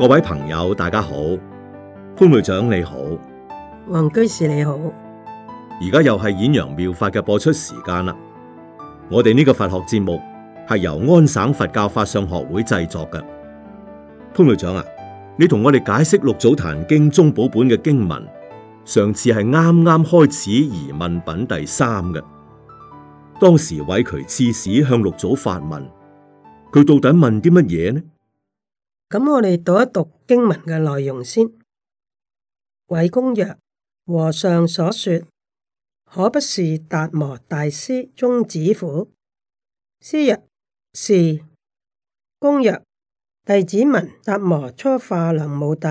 各位朋友，大家好，潘會長你好，黃居士你好，而家又係演揚妙，妙法嘅播出時間啦。我哋呢個佛學節目係由安省佛教法相學會製作嘅。潘會長啊，你同我哋解釋六祖壇經宗寶本嘅經文。上次係啱啱開始疑問品第三嘅，當時韋璩刺史向六祖發問，佢到底問啲乜嘢呢？咁我哋讀一讀經文嘅內容先。韋公曰：和尚所說，可不是達摩大師宗旨乎？師曰：是。公曰：弟子聞達摩初化梁武帝，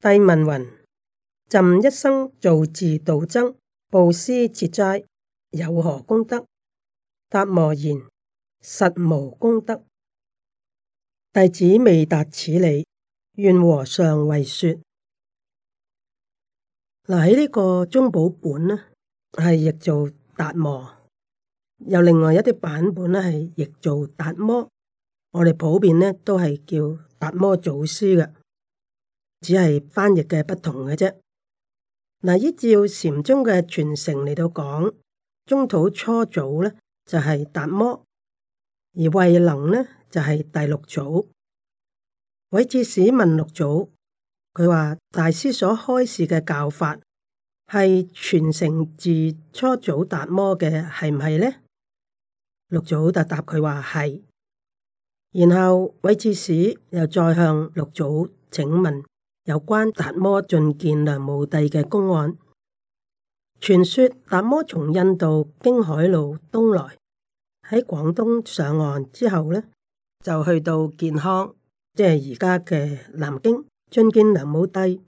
帝問云：朕一生造寺、度僧、布施、設齋，有何功德？達摩言：實無功德。弟子未達此理，願和尚為說。嗱，喺呢個宗寶本呢，係譯做達摩；有另外一啲版本呢係譯做達摩。我哋普遍呢都係叫達摩祖師嘅，只係翻譯嘅不同嘅啫。嗱，依照禪宗嘅傳承嚟到講，中土初祖呢就係達摩，而慧能呢？就係第六組，韋刺史問六祖，佢話，大師所開示嘅教法係傳承自初祖達摩嘅，係唔係咧？六祖就答佢話係。然後韋刺史又再向六祖請問有關達摩進見梁武帝嘅公案。傳説達摩從印度經海路東來，喺廣東上岸之後呢，就去到建康，即係而家嘅南京，進見梁武帝，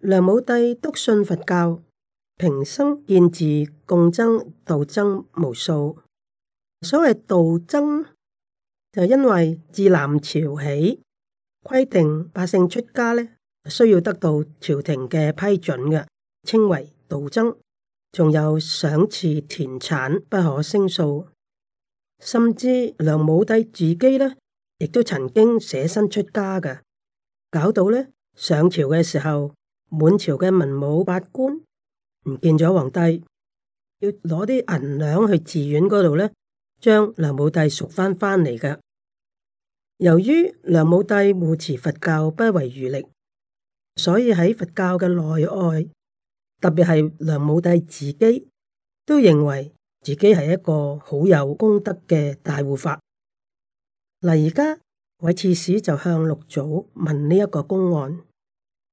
梁武帝篤信佛教，平生建寺共度僧無數。所謂度僧，就因為自南朝起規定百姓出家咧，需要得到朝廷嘅批准嘅，稱為度僧。仲有賞賜田產不可勝數。甚至梁武帝自己呢，亦都曾經捨身出家㗎，搞到呢上朝嘅時候，滿朝嘅文武百官唔見咗皇帝，要攞啲銀兩去寺院嗰度呢，將梁武帝贖翻翻嚟㗎。由於梁武帝護持佛教不遺餘力，所以喺佛教嘅內外，特別係梁武帝自己都認為。自己係一個好有功德嘅大護法。嗱，而家韋刺史就向六祖問呢一個公案，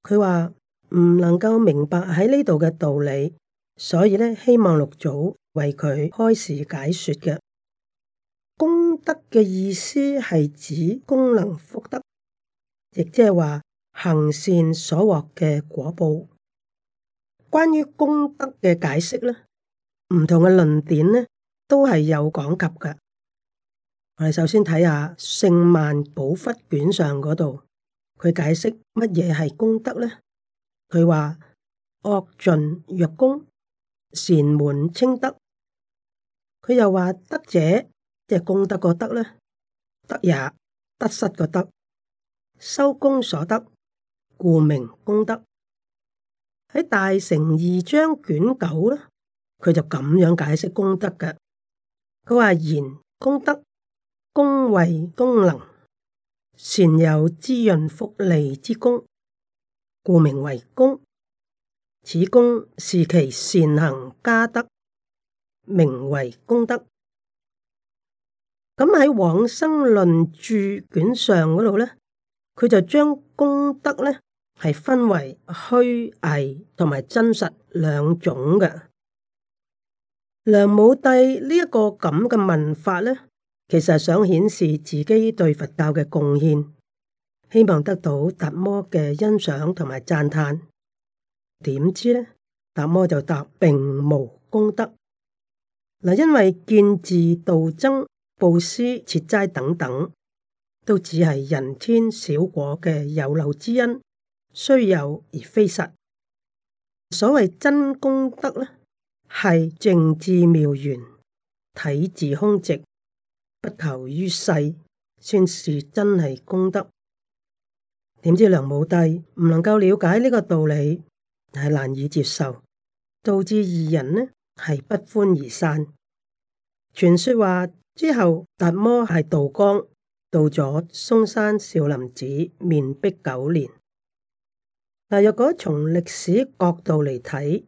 佢話唔能夠明白喺呢度嘅道理，所以咧，希望六祖為佢開示解說嘅，功德嘅意思係指功能福德，亦即係話行善所獲嘅果報。關於功德嘅解釋咧。唔同嘅論點呢，都係有講及嘅。我哋首先睇下聖曼寶窟卷上嗰度，佢解釋乜嘢係功德呢？佢話惡盡若功，善滿稱德。佢又話德者，即係功德個德啦，得也，得失個得。修功所得，故名功德。喺大乘二章卷九啦。佢就咁樣解釋功德嘅，佢話言功德、功為、功能，善有滋潤福利之功，故名為功。此功是其善行家德，名為功德。咁喺《往生論注》卷上嗰度咧，佢就將功德咧係分為虛偽同埋真實兩種嘅。梁武帝呢一個咁嘅問法呢，其實係想顯示自己對佛教嘅貢獻，希望得到達摩嘅欣賞同埋讚嘆。點知呢，達摩就答，並無功德。嗱，因為建寺、度僧、布施、設齋等等，都只係人天小果嘅有漏之因，雖有而非實。所謂真功德呢。係淨智妙圓，體自空寂，不求於世，算是真係功德。點知梁武帝唔能夠了解呢個道理，係難以接受，導致二人呢係不歡而散。傳說話之後，達摩係渡江，到咗嵩山少林寺面壁九年。但若果從歷史角度嚟睇。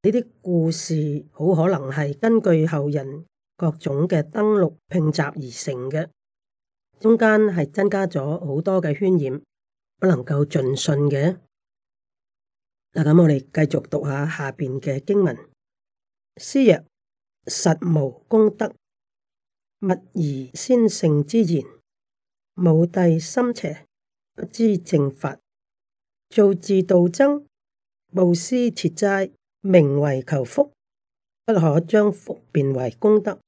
呢啲故事好可能係根據後人各種嘅登錄拼集而成嘅，中間係增加咗好多嘅渲染，不能夠盡信嘅。嗱，咁我哋繼續讀下下邊嘅經文：師曰：實無功德，勿疑先聖之言。武帝心邪，不知正法，造寺度僧，布施設齋。名為求福，不可將福變為功德。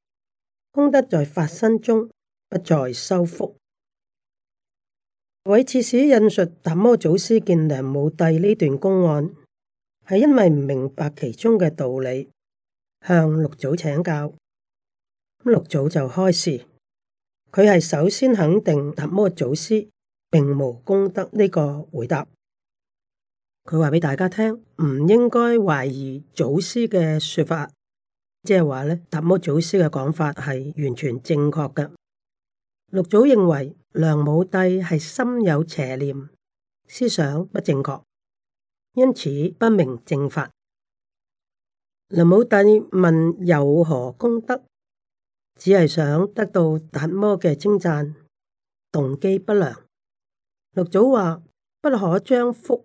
功德在法身中，不在修福。韋刺史引述達摩祖師見梁武帝呢段公案，係因為唔明白其中嘅道理，向六祖請教。六祖就開示，佢係首先肯定達摩祖師並無功德呢個回答。佢話俾大家聽，唔應該懷疑祖師嘅說法，即係話咧，達摩祖師嘅講法係完全正確嘅。六祖認為梁武帝係心有邪念，思想不正確，因此不明正法。梁武帝問有何功德，只係想得到達摩嘅稱讚，動機不良。六祖話不可將福。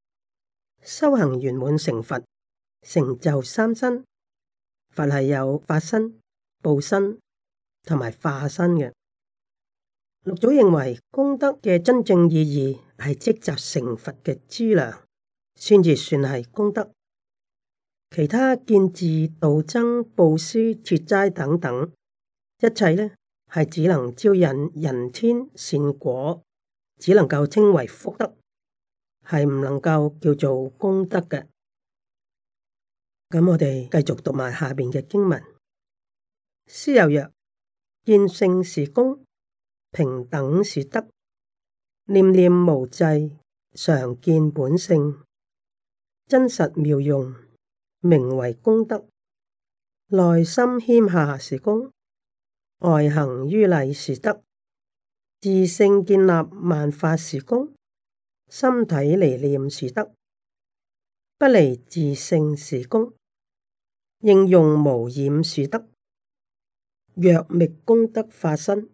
修行圓滿成佛，成就三身。佛係有法身、報身同埋化身嘅。六祖認為功德嘅真正意義係積集成佛嘅資糧，先至算係功德。其他建寺、度僧、布施、設齋等等，一切呢係只能招引人天善果，只能夠稱為福德。係唔能夠叫做功德嘅，咁我哋繼續讀埋下邊嘅經文。師又曰：見性是功，平等是德，念念無滯，常見本性，真實妙用，名為功德。內心謙下是功，外行於禮是德，自性建立萬化是功。心體離念是德，不離自性是功，應用無染是德。若覓功德法身，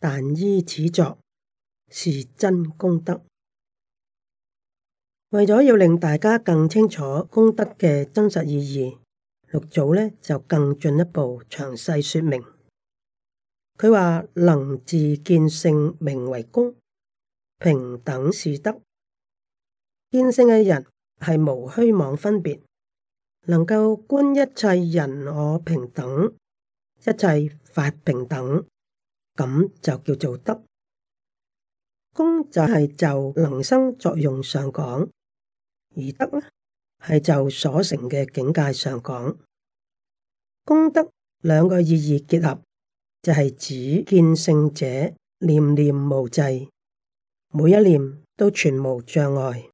但依此作是真功德。為咗要令大家更清楚功德嘅真實意義，六祖呢就更進一步詳細說明。佢話：能自見性名為功。平等是德。見性的人是無虛妄分別，能夠觀一切人我平等，一切法平等，咁就叫做德。功就是就能生作用上講，而德是就所成的境界上講。功德兩個意義結合，就是指見性者念念無滯。每一念都全無障礙，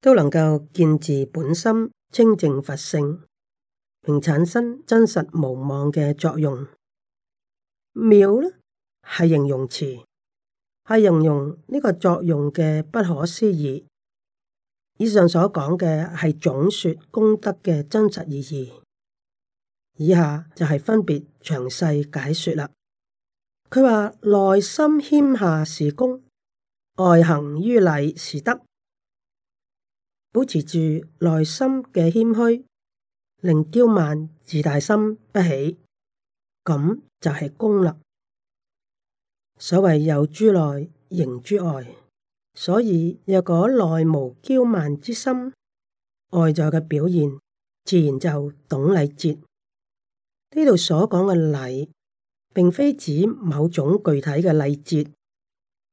都能夠見自本心清淨佛性，並產生真實無妄嘅作用。妙呢係形容詞，係形容呢個作用嘅不可思議。以上所講嘅係總說功德嘅真實意義，以下就係分別詳細解說啦。佢話內心謙下是功。外行於禮是德，保持住內心嘅謙虛，令驕慢自大心不起，咁就係功立。所謂有諸內，形諸外，所以若果內無驕慢之心，外在嘅表現自然就懂禮節。呢度所講嘅禮，並非指某種具體嘅禮節，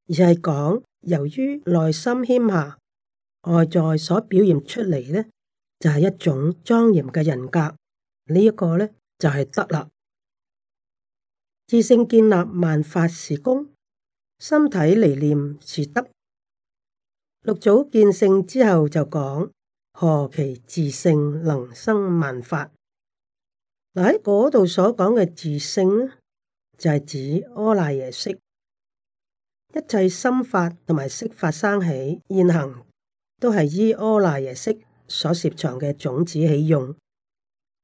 而係講。由於內心謙下，外在所表現出嚟呢，就係、是、一種莊嚴嘅人格。呢、這、一個呢，就係德啦。自性建立萬法是功，心體離念是德。六祖見性之後就講：何其自性能生萬法。嗱，喺嗰度所講嘅自性呢，就係、是、指阿賴耶識。一切心法同埋色法生起現行，都係依阿賴耶識所攝藏嘅種子起用，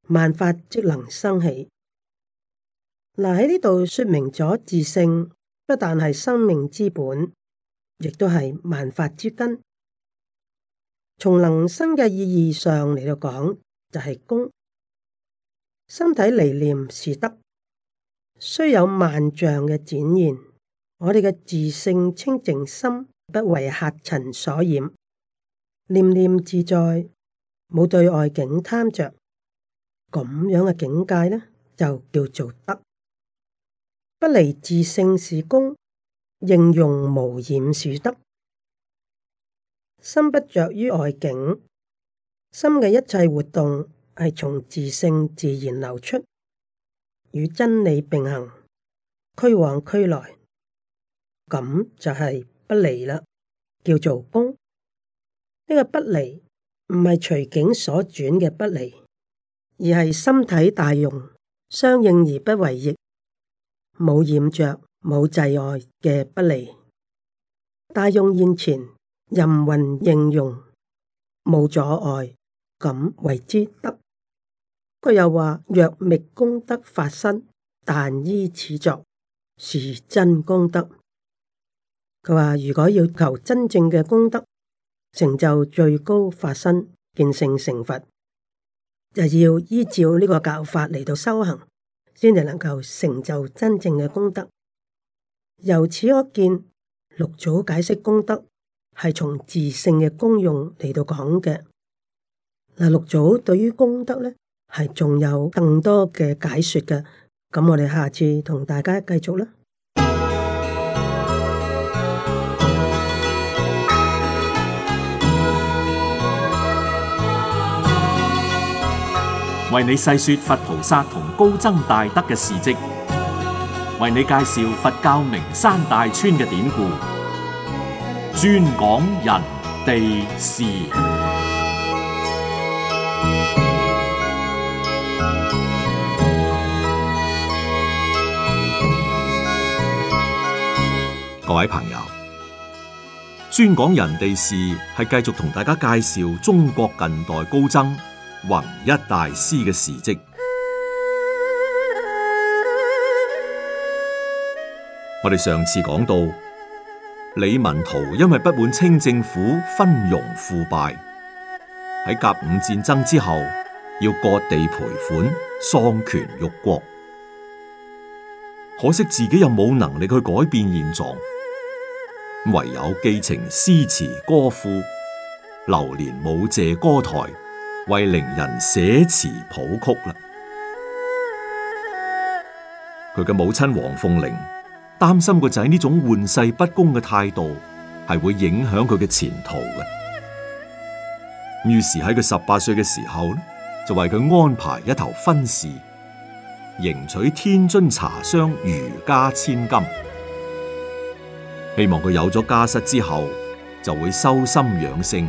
萬法即能生起。嗱，喺呢度說明咗自性不但係生命之本，亦都係萬法之根。從能生嘅意義上嚟到講，就係、是、功。身體離念是德，雖有萬象嘅展現。我哋嘅自性清淨心不為客塵所染，念念自在，冇對外境貪着。咁樣嘅境界呢，就叫做德。不離自性是功，應用無染是德，心不着於外境，心嘅一切活動係從自性自然流出，與真理並行，驅往驅來。咁就係不離啦，叫做功。呢、這個不離唔係隨境所轉嘅不離，而係心體大用相應而不為逆，冇染着、冇滯礙嘅不離。大用現前，任運應用，冇阻礙，咁為之德。佢又話：若覓功德法身，但依此作，是真功德。佢話如果要求真正嘅功德成就最高法身見性成佛，就要依照呢個教法嚟到修行，先至能夠成就真正嘅功德。由此可見，六祖解釋功德係從自性嘅功用嚟到講嘅。嗱，六祖對於功德咧係仲有更多嘅解說嘅，咁我哋下次同大家繼續啦。為你細說佛菩薩同高僧大德嘅事蹟，為你介紹佛教名山大川嘅典故，專講人地事。士各位朋友，專講人地事係繼續同大家介紹中國近代高僧。弘一大師嘅事迹，我哋上次講到，李文濤因為不滿清政府昏庸腐敗，喺甲午戰爭之後要割地賠款，喪權辱國，可惜自己又冇能力去改變現狀，唯有寄情詩詞歌賦，流連舞榭歌台。為伶人寫詞譜曲啦。佢嘅母親黃鳳玲擔心個仔呢種玩世不恭嘅態度係會影響佢嘅前途嘅。於是喺佢十八歲嘅時候就為佢安排一頭婚事，迎娶天津茶商余家千金，希望佢有咗家室之後就會修心養性。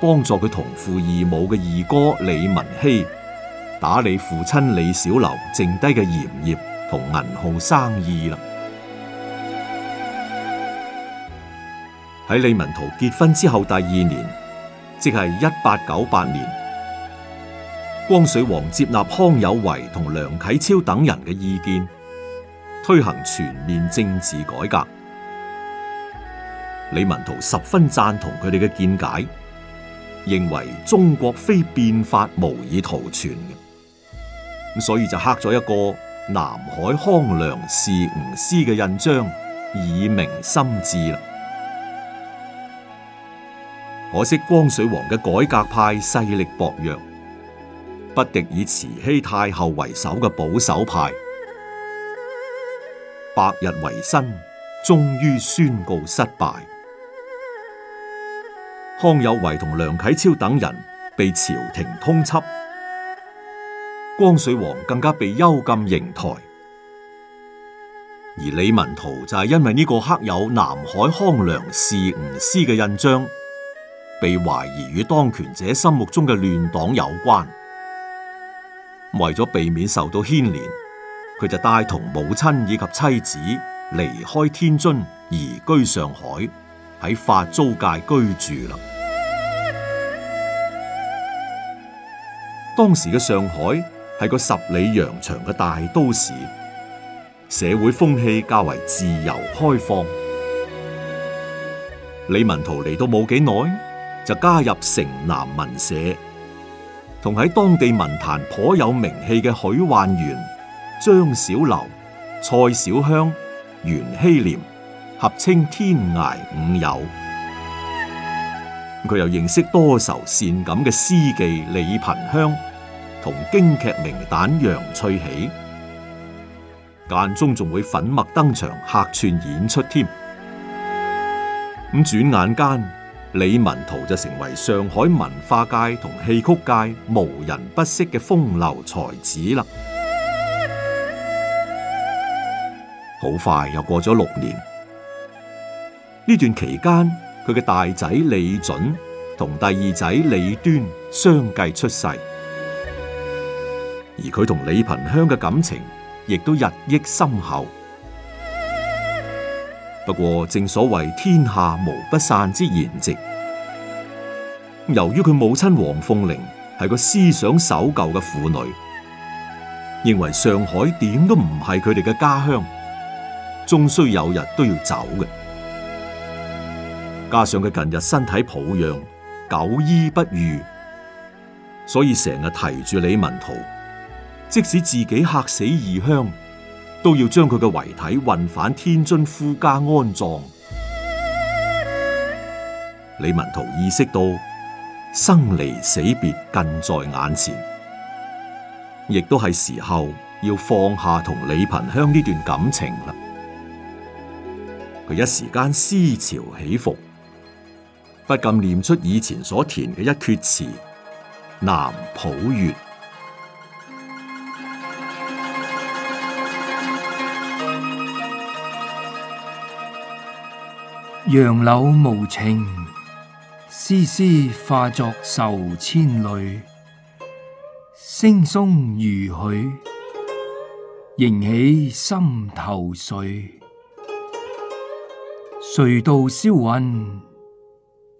幫助佢同父異母嘅二哥李文熙打理父親李小樓剩低嘅鹽業同銀號生意啦。喺李文濤結婚之後第二年，即係一八九八年，光緒皇接納康有為同梁啟超等人嘅意見，推行全面政治改革。李文濤十分贊同佢哋嘅見解。認為中國非變法無以圖存嘅，咁所以就刻咗一個南海康梁是吾師嘅印章，以明心志啦。可惜光緒皇嘅改革派勢力薄弱，不敵以慈禧太后為首嘅保守派，百日維新終於宣告失敗。康有為同梁啟超等人被朝廷通緝，光緒王更加被幽禁瀛臺，而李文圖就係因為呢個刻有南海康梁是吾師嘅印章，被懷疑與當權者心目中嘅亂黨有關。為咗避免受到牽連，佢就帶同母親以及妻子離開天津，移居上海。喺法租界居住啦。當時嘅上海係個十里洋場嘅大都市，社會風氣較為自由開放。李文濤嚟到冇幾耐，就加入城南文社，同喺當地文壇頗有名氣嘅許幻園、張小樓、蔡小香、袁希濂，合稱天涯五友，佢又認識多愁善感嘅詩妓李蘋香，同京劇名旦楊翠喜，間中仲會粉墨登場客串演出添。咁轉眼間，李文濤就成為上海文化界同戲曲界無人不識嘅風流才子啦。好快又過咗六年。呢段期間，佢嘅大仔李準同第二仔李端相繼出世，而佢同李萍香嘅感情亦都日益深厚。不過，正所謂天下無不散之筵席，由於佢母親黃鳳玲係個思想守舊嘅婦女，認為上海點都唔係佢哋嘅家鄉，終須有日都要走嘅。加上佢近日身體抱恙，久醫不愈，所以成日提住李文圖。即使自己客死異鄉，都要將佢嘅遺體運返天津夫家安葬。李文圖意識到生離死別近在眼前，亦都係時候要放下同李萍香呢段感情啦。佢一時間思潮起伏。不禁念出以前所填嘅一闋詞：南浦月，楊柳無情，絲絲化作愁千縷。聲松如許，縈起心頭緒。誰道消魂？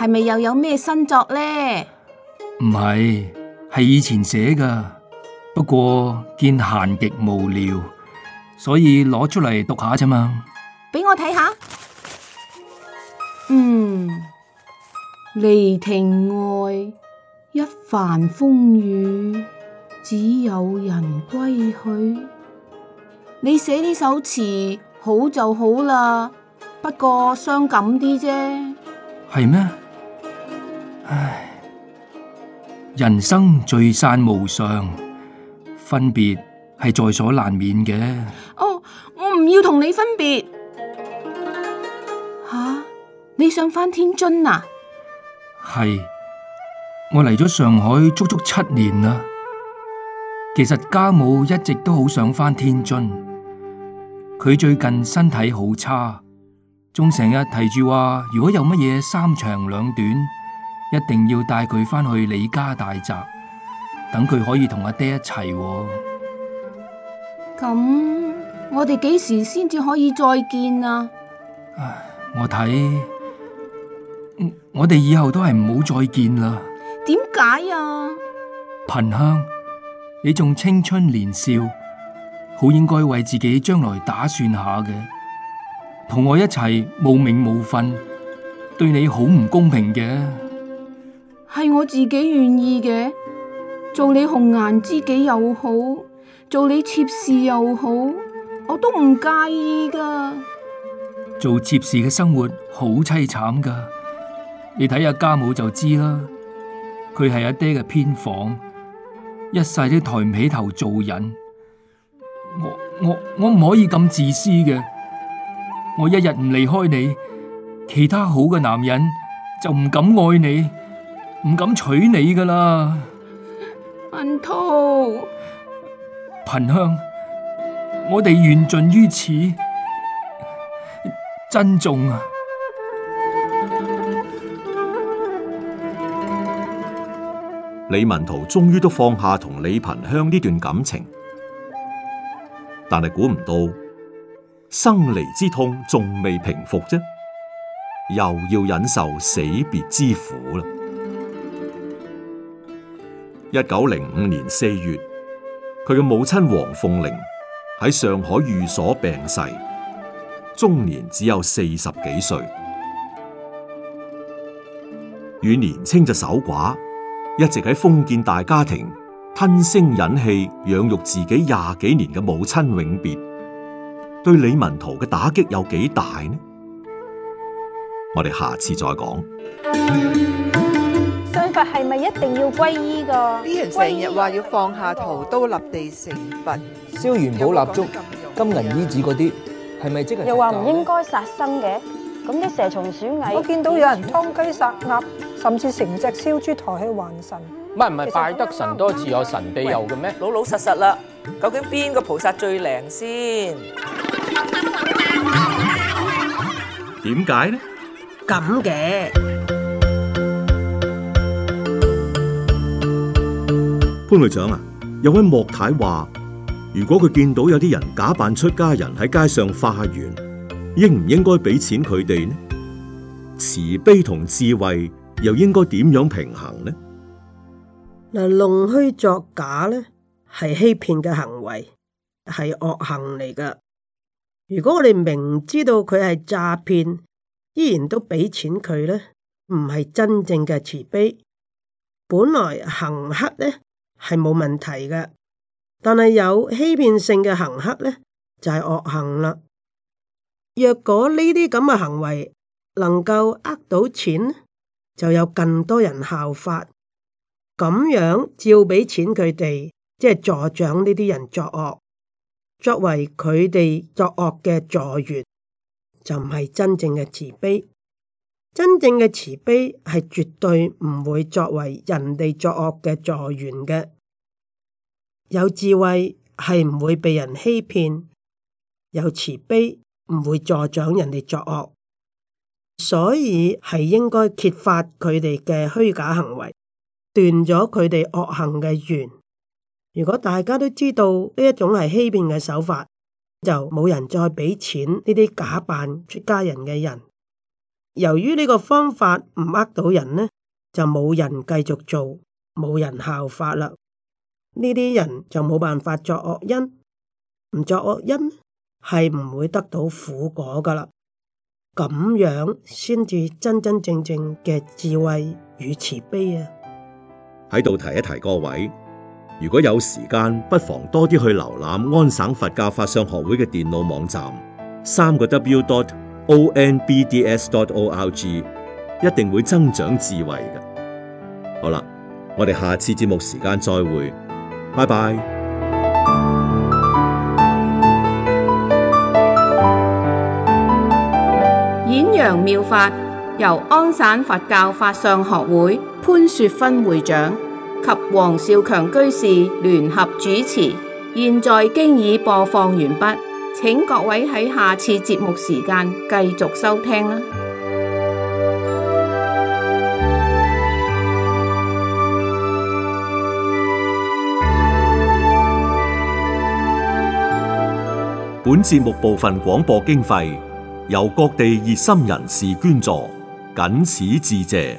係咪又有咩新作呢？唔係，係以前寫噶。不過見閒極無聊，所以攞出嚟讀下啫嘛。俾我睇下。嗯，離亭外，一帆風雨，只有人歸去。你寫呢首詞好就好啦，不過傷感啲啫。係咩？唉，人生聚散無常，分別係在所難免嘅。哦，我唔要同你分別。吓、啊，你想返天津啊？係，我嚟咗上海足足七年啦。其實家母一直都好想返天津，佢最近身體好差，仲成日提住話，如果有乜嘢三長兩短。一定要帶佢翻去李家大宅，等佢可以同阿爹一齊。咁我哋幾時先至可以再見啊？唉，我睇，我哋以後都係唔好再見啦。點解啊？貧香，你仲青春年少，好應該為自己將來打算下嘅。同我一齊冇名冇份，對你好唔公平嘅。係我自己願意嘅，做你紅顏知己又好，做你妾侍又好，我都唔介意噶。做妾侍嘅生活好淒慘噶，你睇下家母就知啦。佢係阿爹嘅偏房，一世都抬唔起頭做人。我我我唔可以咁自私嘅，我一日唔離開你，其他好嘅男人就唔敢愛你，唔敢娶你噶啦，文濤徒，貧香，我哋緣盡於此，珍重啊！李文濤終於都放下同李貧香呢段感情，但係估唔到生離之痛仲未平復啫，又要忍受死別之苦啦。一九零五年四月，佢嘅母親黃鳳玲喺上海寓所病逝，終年只有四十幾歲。與年青就守寡，一直喺封建大家庭吞聲忍氣養育自己廿幾年嘅母親永別，對李文濤嘅打擊有幾大呢？我哋下次再講。係咪一定要皈依㗎？成日話要放下屠刀立地成佛，燒元寶蠟燭、金銀衣紙嗰啲，係咪即係？又話唔應該殺生嘅，咁啲蛇蟲鼠蟻，我見到有人劏雞殺鴨，甚至成隻燒豬抬去還神。唔係唔係，拜得神多自有神庇佑嘅咩？老老實實啦，究竟邊個菩薩最靈先？點解呢？咁嘅。潘隊長啊，有位莫太話，如果佢見到有啲人假扮出家人喺街上化緣，應唔應該俾錢佢哋呢？慈悲同智慧又應該點樣平衡呢？嗱，弄虛作假咧，係欺騙嘅行為，係惡行嚟噶。如果我哋明知道佢係詐騙，依然都俾錢佢咧，唔係真正嘅慈悲。本來行乞咧。係冇問題嘅，但係有欺騙性嘅行乞咧，就係惡行啦。若果呢啲咁嘅行為能夠呃到錢，就有更多人效法，咁樣照畀錢佢哋，即係助長呢啲人作惡，作為佢哋作惡嘅助緣，就唔係真正嘅慈悲。真正嘅慈悲係絕對唔會作為人哋作惡嘅助緣嘅。有智慧係唔會被人欺騙，有慈悲唔會助長人哋作惡，所以係應該揭發佢哋嘅虛假行為，斷咗佢哋惡行嘅緣。如果大家都知道呢一種係欺騙嘅手法，就冇人再俾錢呢啲假扮出家人嘅人。由於呢個方法唔呃到人呢，就冇人繼續做，冇人效法啦。呢啲人就冇辦法作惡因，唔作惡因係唔會得到苦果噶啦。咁樣先至真真正正嘅智慧與慈悲啊！喺度提一提各位，如果有時間，不妨多啲去瀏覽安省佛教法相學會嘅電腦網站，三個 W dot。ONBDS.ORG 一定會增長智慧嘅。好啦，我哋下次節目時間再會，拜拜。演揚妙法由安省佛教法相學會潘雪芬會長及黃少強居士聯合主持，現在經已播放完畢。請各位喺下次節目時間繼續收聽啦。本節目部分廣播經費由各地熱心人士捐助，謹此致謝。